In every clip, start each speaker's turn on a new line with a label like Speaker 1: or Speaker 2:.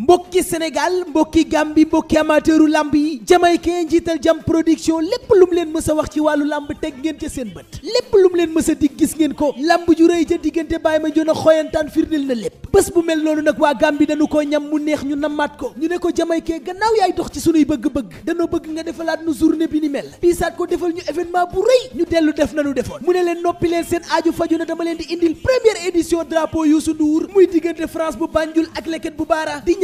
Speaker 1: mbokki Sénégal mbokki Gambie mbokki amateuru lamb yi jamaykee njiital jam production lépp lum leen mës a wax ci wàllu lamb teg ngeen ca seen bët lépp lum leen mës a dig gis ngeen ko lamb ju rëy ca diggante bàyyi ma joon a xooyantaan firndil lépp bés bu mel noonu nag waa Gambie dañu koo ñam mu neex ñu namaat ko ñu ne ko jamaykee gannaaw yaay dox ci sunuy bëgg-bëgg danoo bëgg nga defalaat nu journée bi ni mel piisaat ko defal ñu événement bu rëy ñu dellu def nanu defoon mu ne leen noppi leen seen aaju faju na dama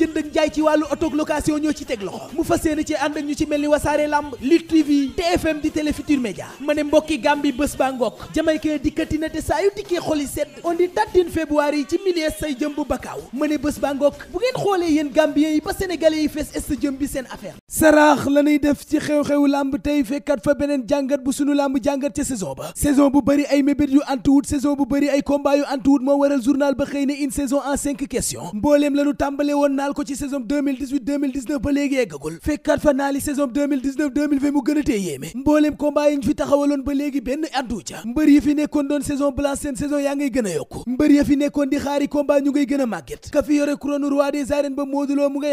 Speaker 1: jënd ak jaay ci wàllu auto location ñoo ci teg loxo mu fas yéene ci ànd ak ñu ci mel ni wasaare lamb Lutte TV TFM di Télé Futurs Médias ma ne mbokki Gambie bés ba ngokk jamaykee dikkati na te saa dikkee xoli sedd on dit dattin février yi ci milies say jëm bu bakkaaw ma ne bés ba bu ngeen xoolee yéen Gambiens yi ba Sénégalais yi fees est bi seen affaire saraax la def ci xew-xewu lamb tey fekkat fa beneen jàngat bu suñu lamb jàngat ca saison ba saison bu bëri ay mébét yu antuwut saison bu bëri ay combat yu antuwut moo waral en cinq questions mbooleem lañu tàmbale woon naal ko ci saison 2018 2019 ba mu fi nekkoon doon saison ngay a yokku mbër ya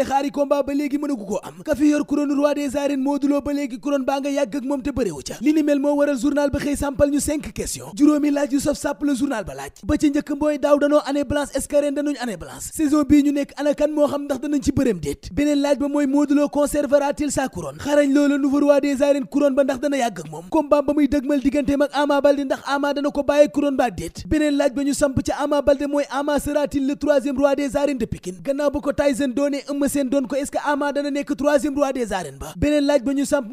Speaker 1: xaari combat ba léegi mënagu koo am ka fi yor couronne roi des arènes Modou ba léegi couronne baa nga yàgg ak moom te bërewu ca li ni moo waral journal ba xëy sampal ñu cinq questions juróomi laaj yu saf sàpp la journal ba laaj ba ci njëkk mooy daaw danoo année blanche est-ce que année blanche saison bii ñu nekk ana moo xam ndax danañ ci bërëm déet beneen laaj ba mooy Modou Lo sa couronne xarañ loola nouveau roi des arènes couronne ba ndax dana yàgg ak moom combat ba muy dëgmal digganteem ak Ama Baldé ndax Ama dana ko bàyyi couronne ba déet beneen laaj ba ñu samp ca Ama Baldé mooy Ama sera-t-il le roi des arènes de Pikine gannaaw ba ko Tyson doonee Eumeu Sène doon ko est-ce dana nekk troisième roi des arènes ba beneen laaj ba ñu samp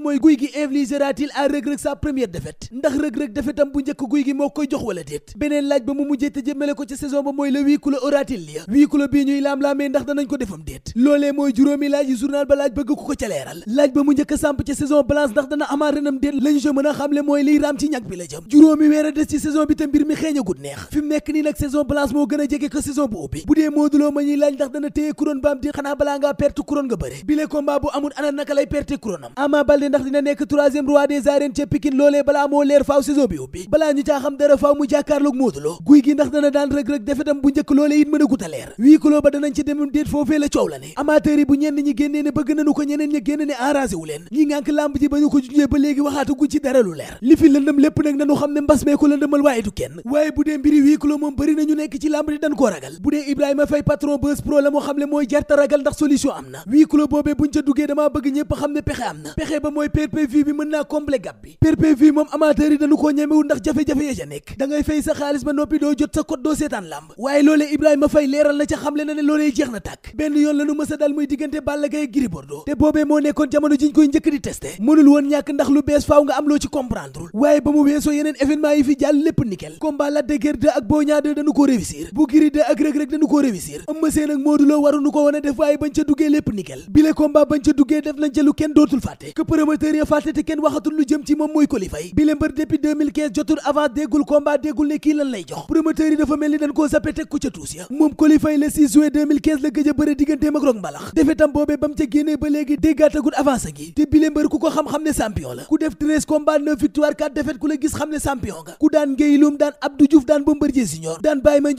Speaker 1: am déet loolee mooy juróomi laaj yi journal ba laaj bëgg ku ko ca leeral laaj ba mu njëkk a samp ca saison blanche ndax dana amaat renam déet lañu ca mën a xamle mooy liy raam ci ñag bi la jëm juróomi weer a des ci saison bi te mbir mi xeeñagut neex fi mu nekk nii nag saison blanche moo gën a jege ko saison bu ubbi bu dee mooduloo ma ñuy laaj ndax dana téye couronne ba am déet xanaa balaa ngaa perte couronne nga bëre bile combat bu amul ana naka lay perte couronne am Ama Baldé ndax dina nekk troisième roi des arènes ca Pikine a a leer wii kuloo coow la ne amateur yi bu ñenn ñi génnee ne bëgg nañu ko ñeneen ña génn ne arrangé leen ñi ngànk làmb ji ba ñu ko junjee ba léegi waxaatugu ci dara lu leer li fi lëndëm lépp nag nañu xam ne mbas mee ko lëndëmal waaye du kenn waaye bu dee mbiri huis clos moom bëri nañu nekk ci làmb ji dañ koo ragal bu dee Ibrahima Faye patron Buzz Pro la xam ne mooy jarta ragal ndax solution am na huis clos boobee buñ ca duggee damaa bëgg ñëpp xam ne yi dañu koo ñemewul ndax jafe-jafe ya ca nekk da ngay yoon la nu dal muy diggante Balla Gaye Gris te boobee moo nekkoon jamono jiñ koy njëkk di testé mënul woon ñàkk ndax lu bees faaw nga am loo ci comprendreul waaye ba mu weesoo yeneen événement yi fi jàll lépp nickel combat Lac de ak Boy Niang ko réussir bu Gris 2 ak Reug Reug dañu ko réussir Eumeu Sène ak Modou Lo waruñu ko woon def waaye bañ ca duggee lépp nickel bile combat bañ ca duggee def nañ ca lu kenn dootul fàtte que promoteur digganteem daan ngéyilum daan Abdou Diouf daan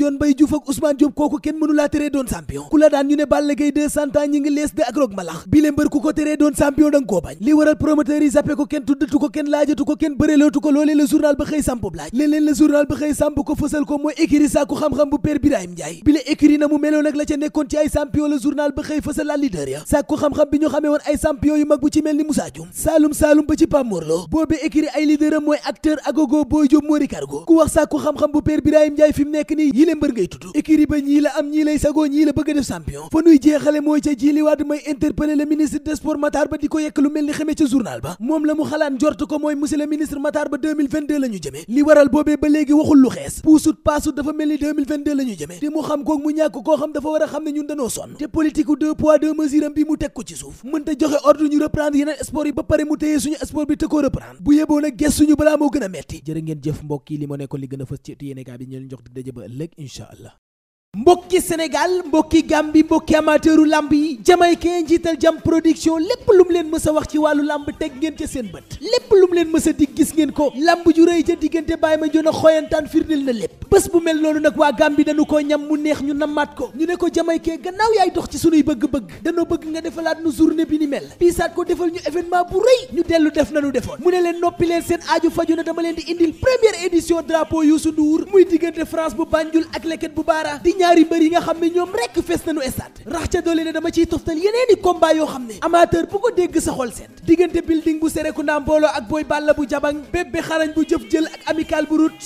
Speaker 1: ak Ousmane Diop kooku kenn mënu laa doon champion ku la daan ñu ne Balla Gaye 2 Santa ñi ngi lees de ak Rock Mbalax bile mbër ku ko teree doon champion da koo bañ li waral promoteur yi zappe ko kenn tuddatu ko kenn laajatu ko kenn bërelootu ko loolee la journal ba xëy sàmpub laaj léeg la journal ba xëy sàmp ko fësal ko mooy écurie xam-xam bu père Birahim Ndiaye bile écurie mu meloon ak la ca nekkoon ci journal ba xëy fësal la leader ya sàkku xam-xam bi ñu xamee woon ay champion yu mag bu ci mel ni Moussa Dioum saalum-saalum ba ci pammoorloo boobi écrit ay leader mooy acteur agogo Boy Diop Mori Cargo ku wax sàkku xam-xam bu père Birahim Ndiaye fi nekk nii yi leen mbër ngay tudd écrit ba ñii la am ñii lay sagoo ñii la bëgg a def champion fa nuy jeexale mooy ca ji liwaadu may interpeller le ministre des sports Ba di ko yekk lu mel ni xamee ca te politique u deux poids deux mesures am bi mu teg ko ci suuf mënta joxe ordre ñu reprendre yeneen sport yi ba pare mu téyee suñu sport bi te ko reprendre bu yeboo nag ges suñu balaa moo gën a metti jërë ngeen jëf mbokk yi li ma nekkoon li gën a fës ci yéenekaay bi ñu leen jox di daje ba ëllëg incha allah mbokki sénégal mbokki gambi mbokki amateuru lamb yi jamaykee njiital jam production lépp lum leen mës a wax ci wàllu lamb teg ngeen ca seen bët lépp lum leen mës a gis ngeen ko lamb ju rëy ca diggante Baye Mandione xoyantaan firndeel na lépp bés bu mel noonu nag waa gambi dañu ko ñam mu neex ñu namaat ko ñu ne ko jamaykee gannaaw yaay dox ci sunuy bëgg-bëgg danoo bëgg nga defalaat nu journée bi ni mel piisaat ko defal ñu événement bu rëy ñu dellu mu ne leen noppi leen seen aaju faju leen di indil première édition drapeau Youssou ñaari mbër yi nga xam ne ñoom rekk fees nañu stade rax ca doole ne dama ciy toftal yeneeni combat yoo xam ne amateur bu ko dégg sa xol seet diggante building bu Serekunda mbooloo ak Boy Balla bu jabang bébbe xarañ bu jëf jël ak amical bu rut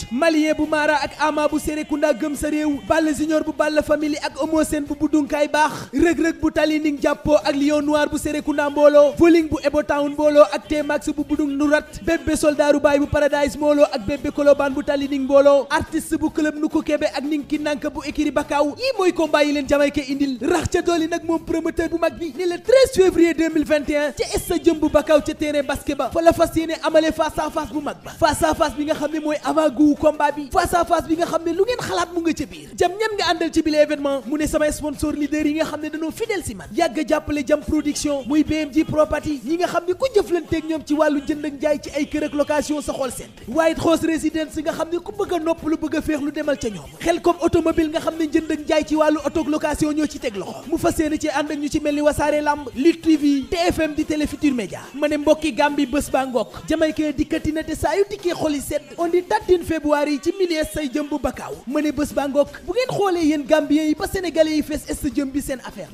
Speaker 1: bu maara ak ama bu Serekunda gëm sa réew Balla junior bu Balla family ak Homo Sène bu buddunkaay baax rëg-rëg bu tali ning ak lion noir bu Serekunda mbooloo voling bu Ebo mbooloo ak T-Max bu budung nurat bébbe soldaru baay bu paradise ak bébbe kolobaan bu tali ning mbooloo artiste bu club nu ko Pakaaw yii mooy combat yi leen Jamaïque indil rax ca dooli nag moom promoteur bu mag bi ni le 13 février 2021 ca stade Jëmbu Bakaaw ca terrain basket fa la fas amale face bu mag ba face bi nga xam ne mooy avant goût combat bi face bi nga xam ne lu ngeen xalaat mu nga ca biir jam ñan nga àndal ci bile événement mu ne samay sponsor leader yi nga xam ne dañoo fidèle si man yàgg jàppale jam production muy BMG property ñi nga xam ne ku jëflanteeg ñoom ci jënd ak jaay ci wàllu auto location ñoo ci teg loxo mu fas yéene ci ànd ak ñu ci mel ni wasaare lamb Lutte TV TFM di Télé Futurs Médias ma ne mbokki Gambie bés ba ngokk jamaykee dikkati na te saa yu dikkee xol yi sedd on di tattin février yi ci milieu say jëm bu bakkaaw ma ne bés ba ngokk bu ngeen xoolee yéen Gambien yi ba Sénégalais yi fees est jëm bi seen affaire